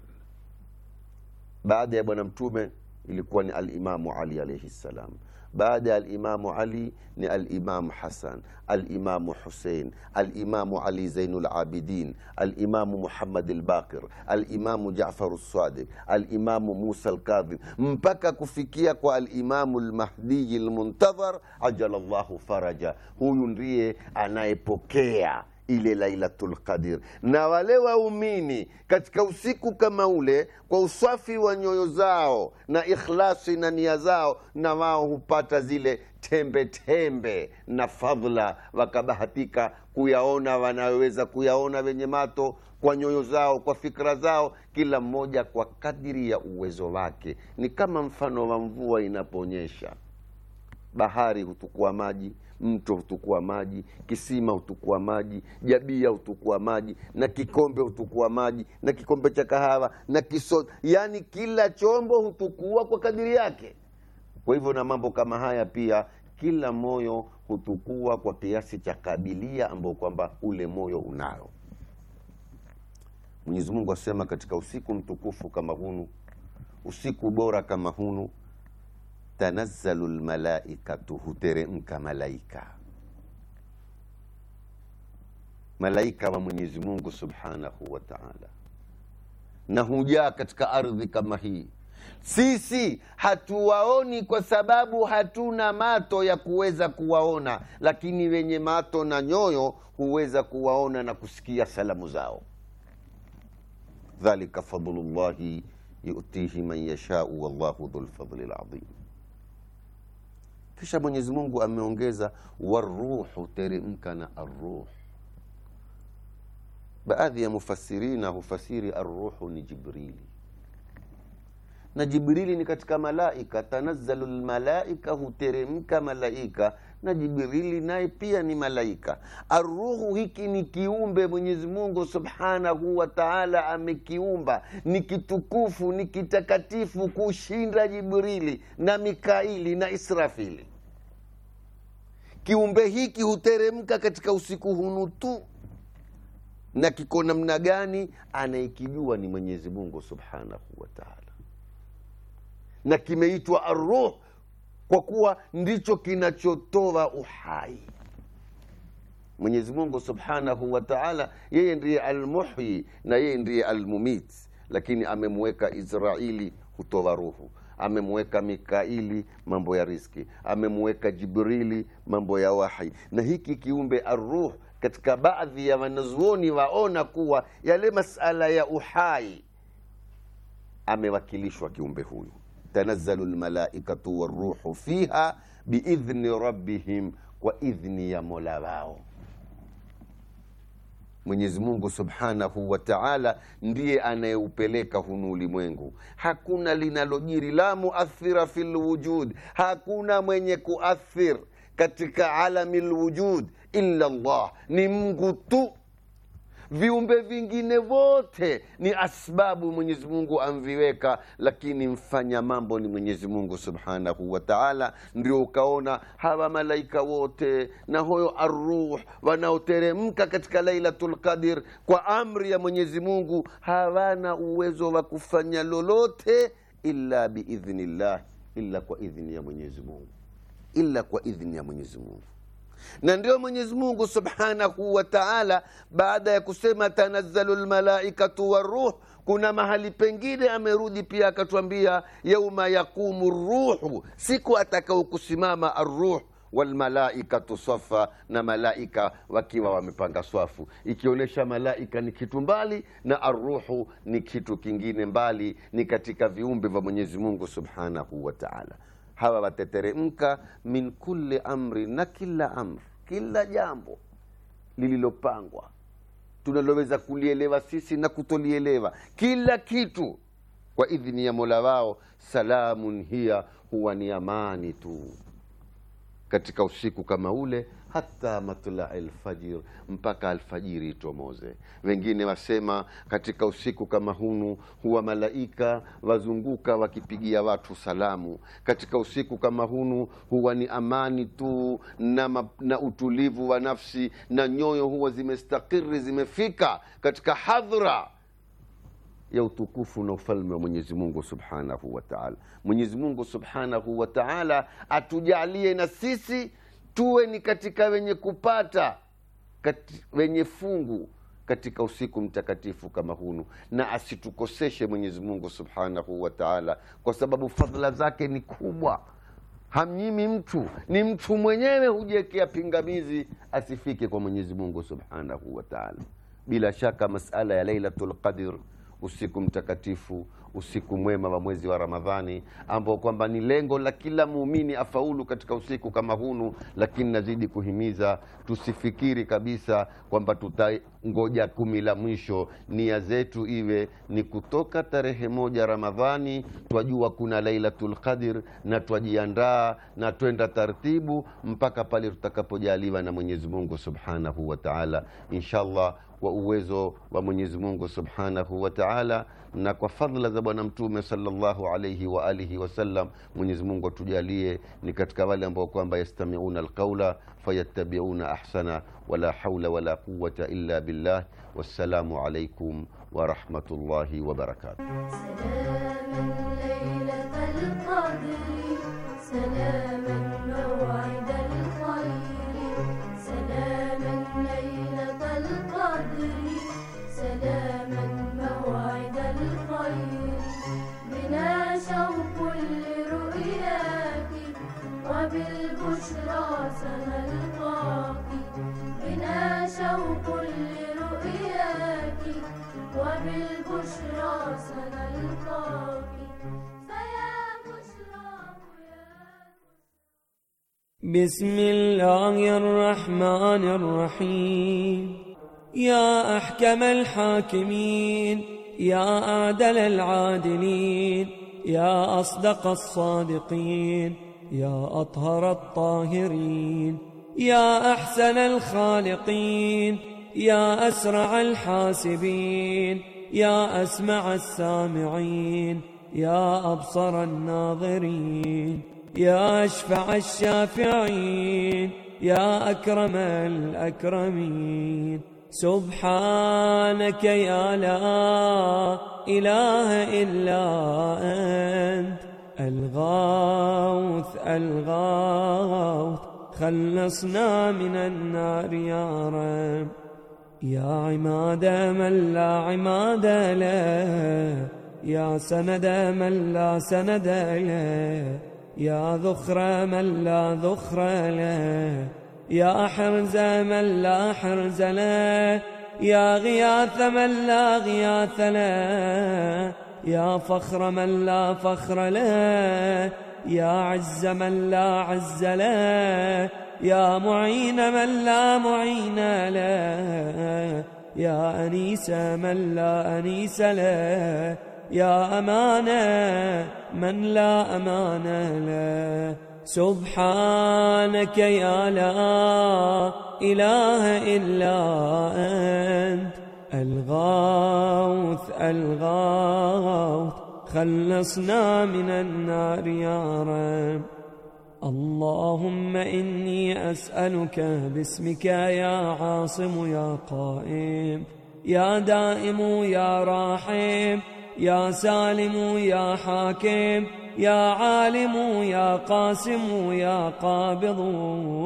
baada ya bwana mtume ilikuwa ni alimamu ali alaihi ssalam baada ya alimamu ali ni alimamu hasan alimamu husein alimamu ali zainu labidin alimamu muhammad lbaqir alimamu jafaru lsadiq alimamu musa lkadhim mpaka kufikia kwa alimamu lmahdiyi lmuntadhar ajala llahu faraja huyu ndiye anayepokea ile Lailatul Qadir. Na wale waumini katika usiku kama ule, kwa usafi wa nyoyo zao na ikhlasi na nia zao, na wao hupata zile tembe tembe na fadhila, wakabahatika kuyaona wanayoweza kuyaona wenye mato kwa nyoyo zao, kwa fikra zao, kila mmoja kwa kadiri ya uwezo wake. Ni kama mfano wa mvua inaponyesha, bahari hutukua maji mto hutukua maji, kisima hutukua maji, jabia hutukua maji, na kikombe hutukua maji, na kikombe cha kahawa na kiso, yani kila chombo hutukua kwa kadiri yake. Kwa hivyo na mambo kama haya pia, kila moyo hutukua kwa kiasi cha kabilia ambao kwamba ule moyo unayo. Mwenyezi Mungu asema katika usiku mtukufu kama hunu, usiku bora kama hunu tanazzalu lmalaikatu, huteremka malaika. Malaika wa Mwenyezi Mungu subhanahu wa taala, na hujaa katika ardhi kama hii. Sisi hatuwaoni kwa sababu hatuna mato ya kuweza kuwaona, lakini wenye mato na nyoyo huweza kuwaona na kusikia salamu zao. Dhalika fadlullahi yutihi man yashau wallahu dhulfadli ladhim. Kisha Mwenyezi Mungu ameongeza waruhu, teremka na arruh. Baadhi ya mufasirina hufasiri arruhu ni Jibrili, na Jibrili ni katika malaika. Tanazzalu lmalaika, huteremka malaika, na Jibrili naye pia ni malaika. Arruhu hiki ni kiumbe Mwenyezi Mungu subhanahu wa taala amekiumba, ni kitukufu, ni kitakatifu kushinda Jibrili na Mikaili na Israfili kiumbe hiki huteremka katika usiku hunu tu na kiko namna gani anayekijua ni mwenyezi mungu subhanahu wataala na kimeitwa arruh kwa kuwa ndicho kinachotoa uhai mwenyezi mungu subhanahu wataala yeye ndiye almuhyi na yeye ndiye almumit lakini amemweka israili hutoa ruhu amemweka Mikaili mambo ya riski, amemweka Jibrili mambo ya wahi, na hiki kiumbe arruh katika baadhi ya wanazuoni waona kuwa yale masala ya uhai amewakilishwa kiumbe huyu, tanazzalu lmalaikatu waruhu fiha biidhni rabbihim, kwa idhni ya mola wao. Mwenyezi Mungu subhanahu wa taala ndiye anayeupeleka hunu ulimwengu. Hakuna linalojiri, la muathira fi lwujud, hakuna mwenye kuathir katika alami lwujud illa Allah, ni Mungu tu viumbe vingine vyote ni asbabu Mwenyezi Mungu amviweka, lakini mfanya mambo ni Mwenyezi Mungu subhanahu wa taala. Ndio ukaona hawa malaika wote na hoyo arruh wanaoteremka katika Lailatul Qadr kwa amri ya Mwenyezi Mungu hawana uwezo wa kufanya lolote illa biidhnillah, illa kwa idhni ya Mwenyezi Mungu, illa kwa idhni ya Mwenyezi Mungu na ndio Mwenyezi Mungu subhanahu wa taala, baada ya kusema tanazzalu lmalaikatu waruh, kuna mahali pengine amerudi pia akatuambia yauma yaqumu ruhu, siku atakao kusimama arruh walmalaikatu safa, na malaika wakiwa wamepanga swafu, ikionyesha malaika ni kitu mbali na arruhu ni kitu kingine mbali, ni katika viumbe vya Mwenyezi Mungu subhanahu wa taala hawa wateteremka, min kulli amri, na kila amri, kila jambo lililopangwa tunaloweza kulielewa sisi na kutolielewa, kila kitu kwa idhini ya Mola wao. Salamun hiya, huwa ni amani tu katika usiku kama ule, hata matlai lfajir, mpaka alfajiri itomoze. Wengine wasema katika usiku kama hunu huwa malaika wazunguka wakipigia watu salamu. Katika usiku kama hunu huwa ni amani tu na, ma, na utulivu wa nafsi na nyoyo huwa zimestakiri zimefika katika hadhra ya utukufu na ufalme wa Mwenyezi Mungu subhanahu wa taala. Mwenyezi Mungu subhanahu wa taala atujalie na sisi tuwe ni katika wenye kupata kati, wenye fungu katika usiku mtakatifu kama hunu, na asitukoseshe Mwenyezi Mungu subhanahu wa taala, kwa sababu fadhila zake ni kubwa, hamnyimi mtu, ni mtu mwenyewe hujiwekea pingamizi asifike kwa Mwenyezi Mungu subhanahu wa taala. Bila shaka masala ya Lailatul Qadr usiku mtakatifu, usiku mwema wa mwezi wa Ramadhani, ambao kwamba ni lengo la kila muumini afaulu katika usiku kama hunu. Lakini nazidi kuhimiza tusifikiri kabisa kwamba tutangoja kumi la mwisho. Nia zetu iwe ni kutoka tarehe moja Ramadhani, twajua kuna Lailatul Qadr na twajiandaa na twenda taratibu mpaka pale tutakapojaliwa na Mwenyezi Mungu subhanahu wa taala, inshallah kwa uwezo wa Mwenyezi Mungu Subhanahu wa Ta'ala, na kwa fadhla za Bwana Mtume sallallahu alayhi wa alihi wasallam. mwenyezimungu atujalie ni katika wale ambao kwamba yastami'una alqaula fayattabi'una ahsana, wala haula wala quwata illa billah. Wassalamu alaikum warahmatullahi rahmatullahi
بسم الله الرحمن الرحيم يا أحكم الحاكمين يا أعدل العادلين يا أصدق الصادقين يا أطهر الطاهرين يا أحسن الخالقين يا أسرع الحاسبين يا أسمع السامعين يا أبصر الناظرين يا أشفع الشافعين يا أكرم الأكرمين سبحانك يا لا إله إلا أنت الغاوث الغاوث خلصنا من النار يا رب يا عماد من لا عماد له يا سند من لا سند له يا ذخر من لا ذخر له يا حرز من لا حرز له يا غياث من لا غياث له يا فخر من لا فخر له يا عز من لا عز له يا معين من لا معين له يا أنيس من لا أنيس له يا أمانة من لا أمانة له سبحانك يا لا إله إلا أنت الغوث الغوث خلصنا من النار يا رب اللهم إني أسألك باسمك يا عاصم يا قائم يا دائم يا راحم يا سالم يا حاكم يا عالم يا قاسم يا قابض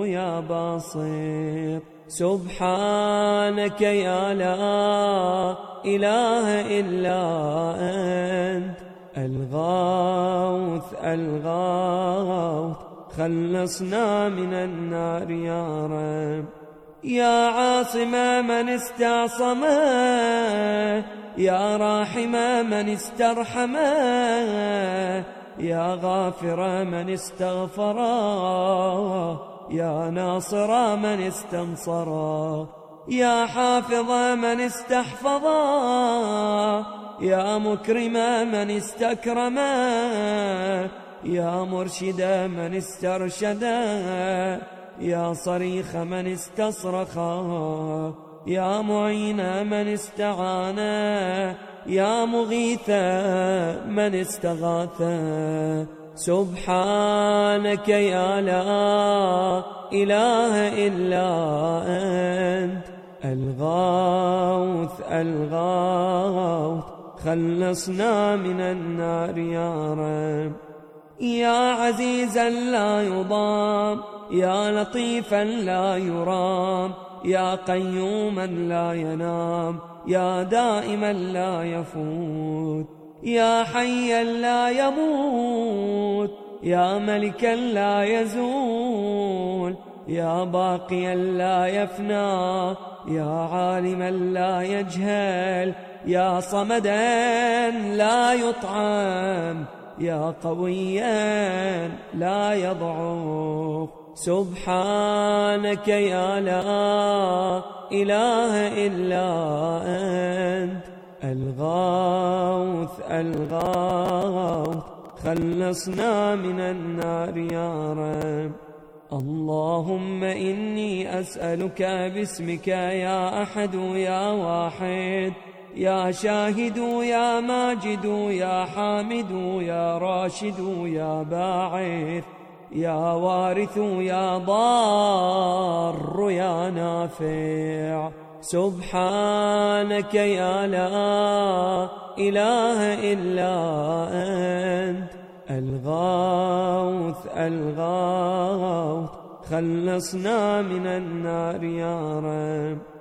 يا باسط سبحانك يا لا إله إلا أنت الغاوث الغاوث خلصنا من النار يا رب يا عاصم من استعصم يا راحم من استرحم يا غافر من استغفر يا ناصر من استنصر يا حافظ من استحفظ يا مكرم من استكرم يا مرشد من استرشدا يا صريخ من استصرخا يا معين من استعانا يا مغيث من استغاثا سبحانك يا لا إله إلا أنت الغوث الغوث خلصنا من النار يا رب يا عزيزا لا يضام يا لطيفا لا يرام يا قيوما لا ينام يا دائما لا يفوت يا حيا لا يموت يا ملكا لا يزول يا باقيا لا يفنى يا عالما لا يجهل يا صمدا لا يطعم يا قويا لا يضعف سبحانك يا لا إله إلا أنت الغوث الغوث خلصنا من النار يا رب اللهم إني أسألك باسمك يا أحد يا واحد يا شاهد يا ماجد يا حامد يا راشد يا باعث يا وارث يا ضار يا نافع سبحانك يا لا إله إلا أنت الغوث الغوث خلصنا من النار يا رب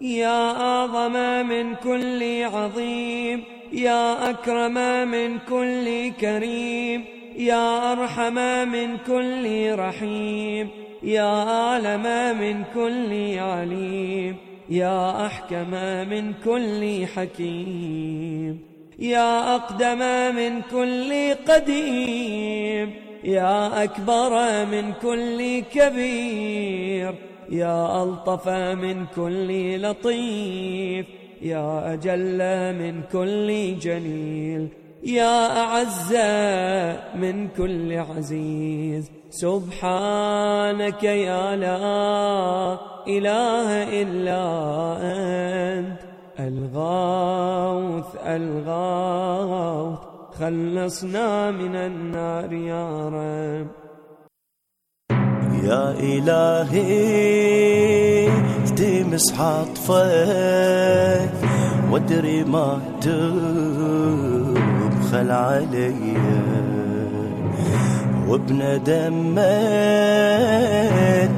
يا أعظم من كل عظيم يا أكرم من كل كريم يا أرحم من كل رحيم يا أعلم من كل عليم يا أحكم من كل حكيم يا أقدم من كل قديم يا أكبر من كل كبير يا ألطف من كل لطيف يا أجل من كل جليل يا أعز من كل عزيز سبحانك يا لا إله إلا أنت الغوث الغوث خلصنا من النار يا رب
يا إلهي تمس عطفك وادري ما تبخل علي وبندم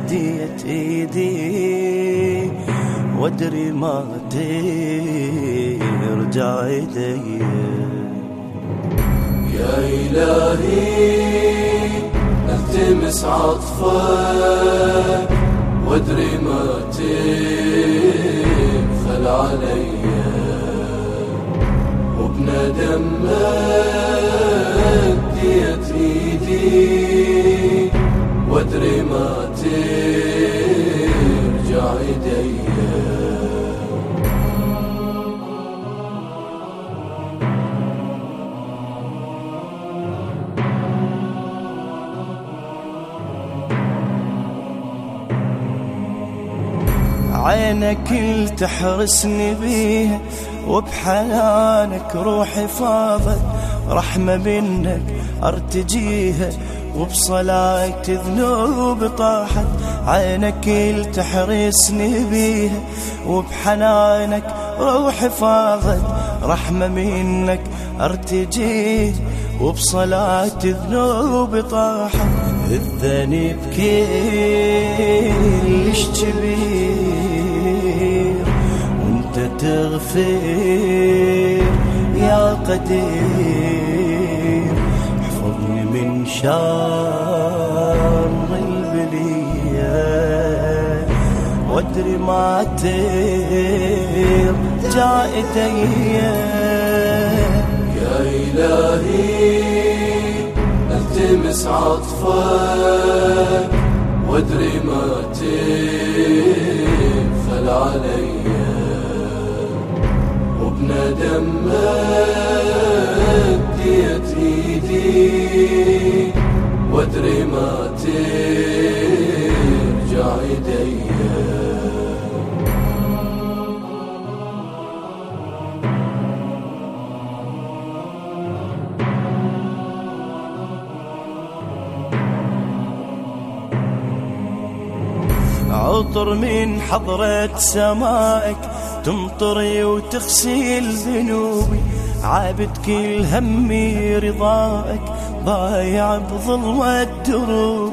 ديت ايدي وادري ما ترجع ايدي
يا الهي
تمس عطفك وادري ما تبخل علي
وبندم مديت ايدي وادري ما ترجع
ايدي
عينك تحرسني بيها وبحنانك روحي فاضت رحمة منك ارتجيها وبصلاة ذنوب طاحت عينك تحرسني بيها وبحنانك روحي فاضت رحمة منك ارتجيها وبصلاة ذنوب طاحت الذنب كل اشتبيه تغفر يا قدير احفظني من شر البلية وادري ما تير جائتي يا إلهي
التمس عطفك وادري ما فلا علي إن دما أديت إيدي وادري ما ترجع إيدي
عطر من حضرة سمائك تمطري وتغسل ذنوبي عابد كل همي رضاك ضايع بظلمة الدروب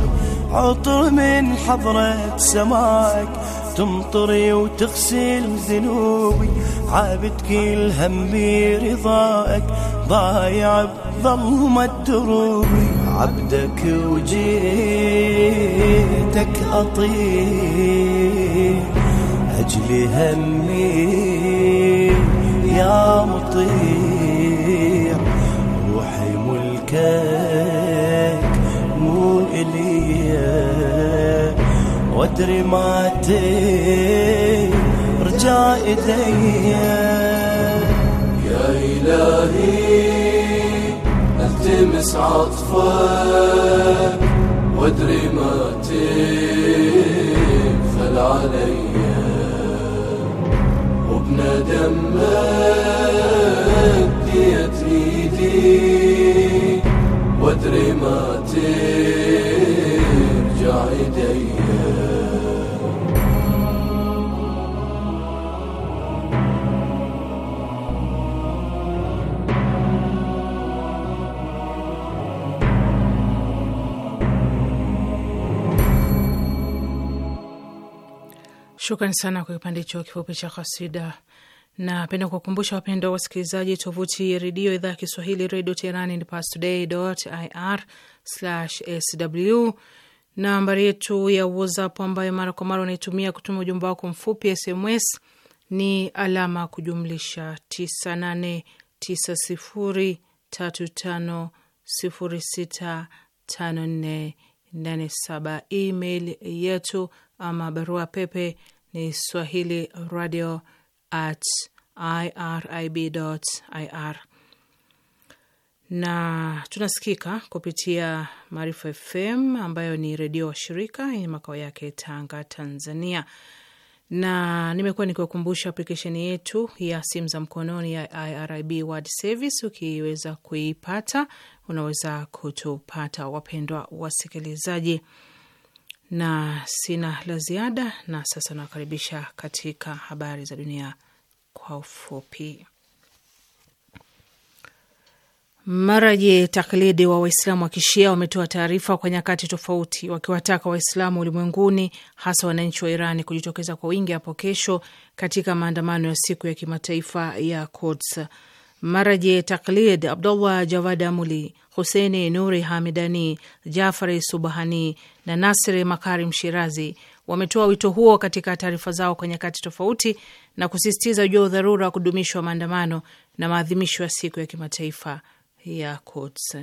عطر من حضرة سماك تمطري وتغسل ذنوبي عابد كل همي رضاك ضايع بظلمة دروبي عبدك وجيتك أطيب أجل همي يا مطيع روحي ملكك مو إلي وادري ما ترجع إلي
يا إلهي ألتمس عطفك وادري ما تغفل عليّ ندى مديت
ايدي وادري ما ترجع ايديا
Shukrani sana kwa kipande hicho kifupi cha kasida Napenda kuwakumbusha wapendwa wasikilizaji, tovuti redio idhaa ya Kiswahili redio Teherani ni pastoday.ir/sw. Nambari yetu ya WhatsApp ambayo mara kwa mara unaitumia kutuma ujumbe wako mfupi SMS ni alama kujumlisha 989035065487. Email yetu ama barua pepe ni swahili radio at irib.ir na tunasikika kupitia Maarifa FM ambayo ni redio washirika yenye makao yake Tanga, Tanzania. Na nimekuwa nikiwakumbusha aplikesheni yetu ya simu za mkononi ya IRIB World Service. Ukiweza kuipata, unaweza kutupata, wapendwa wasikilizaji, na sina la ziada. Na sasa nawakaribisha katika habari za dunia kwa ufupi. Maraji taklidi wa Waislamu wa Kishia wametoa taarifa kwa nyakati tofauti wakiwataka Waislamu ulimwenguni hasa wananchi wa Irani kujitokeza kwa wingi hapo kesho katika maandamano ya siku ya kimataifa ya Quds. Maraji taklid Abdullah javad Amuli, huseni Nuri Hamidani, Jafari Subhani na Nasri Makarim Shirazi wametoa wito huo katika taarifa zao kwa nyakati tofauti na kusisitiza juu ya udharura wa kudumishwa maandamano na maadhimisho ya siku ya kimataifa ya Quds.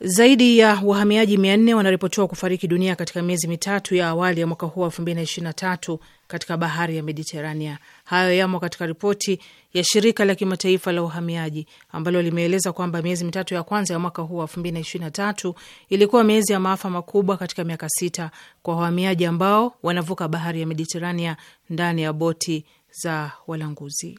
Zaidi ya wahamiaji mia nne wanaripotiwa kufariki dunia katika miezi mitatu ya awali ya mwaka huu elfu mbili na ishirini na tatu katika bahari ya Mediterania. Hayo yamo katika ripoti ya shirika la kimataifa la uhamiaji ambalo limeeleza kwamba miezi mitatu ya kwanza ya mwaka huu elfu mbili na ishirini na tatu ilikuwa miezi ya maafa makubwa katika miaka sita kwa wahamiaji ambao wanavuka bahari ya Mediterania ndani ya boti za walanguzi.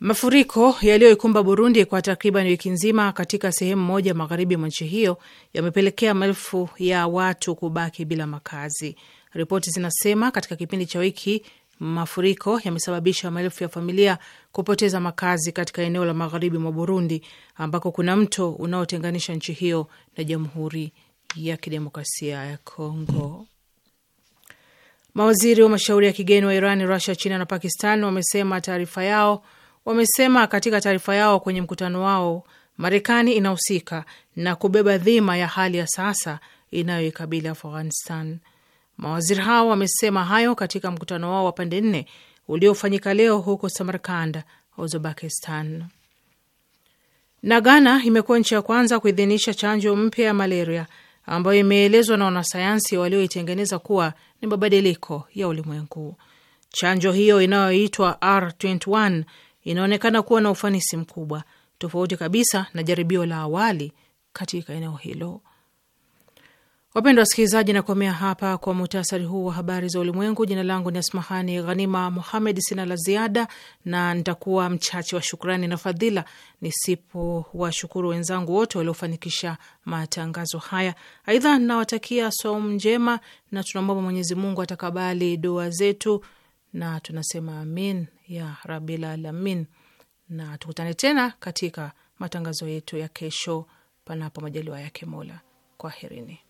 Mafuriko yaliyoikumba Burundi kwa takriban wiki nzima katika sehemu moja magharibi mwa nchi hiyo yamepelekea maelfu ya watu kubaki bila makazi. Ripoti zinasema katika kipindi cha wiki mafuriko yamesababisha maelfu ya familia kupoteza makazi katika eneo la magharibi mwa Burundi ambako kuna mto unaotenganisha nchi hiyo na Jamhuri ya Kidemokrasia ya Kongo. Mawaziri wa mashauri ya kigeni wa Iran, Rusia, China na Pakistan wamesema taarifa yao wamesema katika taarifa yao kwenye mkutano wao, Marekani inahusika na kubeba dhima ya hali ya sasa inayoikabili Afghanistan. Mawaziri hao wamesema hayo katika mkutano wao wa pande nne uliofanyika leo huko Samarkand, Uzbekistan. Na Ghana imekuwa nchi ya kwanza kuidhinisha chanjo mpya ya malaria ambayo imeelezwa na wanasayansi walioitengeneza kuwa ni mabadiliko ya ulimwengu. Chanjo hiyo inayoitwa R21 inaonekana kuwa na ufanisi mkubwa, tofauti kabisa na jaribio la awali katika eneo hilo. Wapendwa wasikilizaji, nakomea hapa kwa muhtasari huu wa habari za ulimwengu. Jina langu ni Asmahani Ghanima Muhamed. Sina la ziada na nitakuwa mchache wa shukrani na fadhila nisipo washukuru wenzangu wote waliofanikisha matangazo haya. Aidha, nawatakia somu njema na tunamwomba Mwenyezi Mungu atakabali dua zetu na tunasema amin ya rabil alamin, na tukutane tena katika matangazo yetu ya kesho, panapo majaliwa yake Mola. Kwaherini.